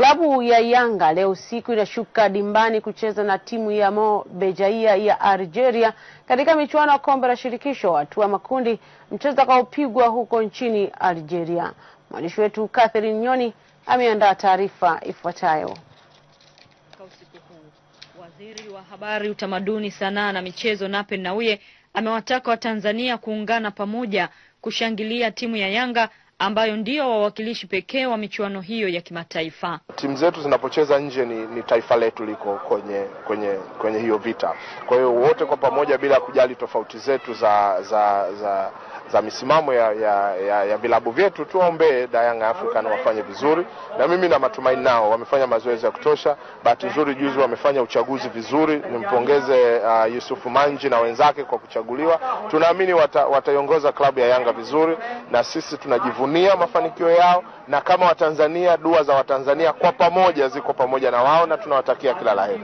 Klabu ya Yanga leo usiku inashuka dimbani kucheza na timu ya Mo Bejaia ya Algeria katika michuano ya kombe la shirikisho hatua makundi, mchezo utakaopigwa huko nchini Algeria. Mwandishi wetu Catherine Nyoni ameandaa taarifa ifuatayo. Waziri wa Habari, Utamaduni, Sanaa na Michezo Nape Nnauye amewataka Watanzania kuungana pamoja kushangilia timu ya Yanga ambayo ndio wawakilishi pekee wa michuano hiyo ya kimataifa. Timu zetu zinapocheza nje ni, ni taifa letu liko kwenye kwenye kwenye hiyo vita. Kwa hiyo wote kwa pamoja bila kujali tofauti zetu za za za, za misimamo ya ya, ya, ya vilabu vyetu tuwaombee Young African wafanye vizuri, na mimi na matumaini nao. Wamefanya mazoezi ya kutosha. Bahati nzuri juzi wamefanya uchaguzi vizuri. Nimpongeze uh, Yusufu Manji na wenzake kwa kuchaguliwa. Tunaamini wataiongoza wata klabu ya Yanga vizuri, na sisi tunajivunia wanajivunia mafanikio yao, na kama Watanzania, dua za Watanzania kwa pamoja ziko pamoja na wao na tunawatakia kila la heri.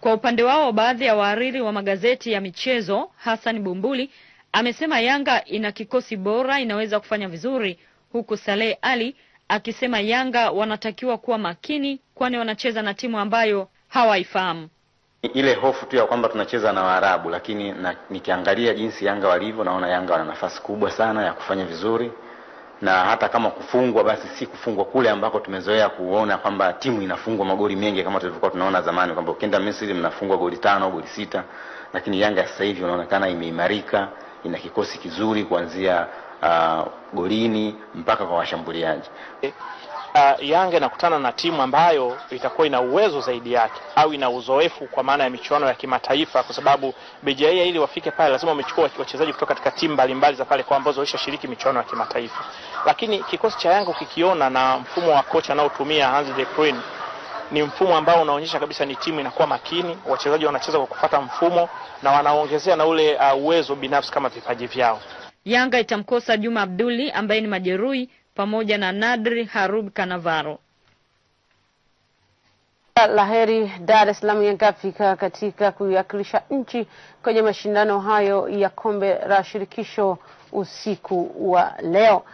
Kwa upande wao, baadhi ya wahariri wa magazeti ya michezo, Hassan Bumbuli amesema Yanga ina kikosi bora, inaweza kufanya vizuri, huku Saleh Ali akisema Yanga wanatakiwa kuwa makini, kwani wanacheza na timu ambayo hawaifahamu. Ile hofu tu ya kwamba tunacheza na Waarabu, lakini na, nikiangalia jinsi Yanga walivyo, naona Yanga wana nafasi kubwa sana ya kufanya vizuri na hata kama kufungwa basi si kufungwa kule ambako tumezoea kuona kwamba timu inafungwa magoli mengi kama tulivyokuwa tunaona zamani kwamba ukienda Misri mnafungwa goli tano goli sita, lakini Yanga sasa hivi unaonekana imeimarika, ina kikosi kizuri kuanzia uh, golini mpaka kwa washambuliaji. Uh, Yanga inakutana na timu ambayo itakuwa ina uwezo zaidi yake au ina uzoefu kwa maana ya michuano ya kimataifa, kwa sababu BJA ili wafike pale lazima wamechukua wachezaji kutoka katika timu mbalimbali za pale kwa ambazo walishashiriki michuano ya kimataifa lakini kikosi cha Yanga ukikiona na mfumo wa kocha anaotumia Hans de Kruyne ni mfumo ambao unaonyesha kabisa ni timu inakuwa makini, wachezaji wanacheza kwa kufata mfumo na wanaongezea na ule uh, uwezo binafsi kama vipaji vyao. Yanga itamkosa Juma Abduli ambaye ni majeruhi pamoja na Nadri Harub Kanavaro. Laheri Dar es Salaam Yanga Afrika katika kuiwakilisha nchi kwenye mashindano hayo ya kombe la shirikisho usiku wa leo.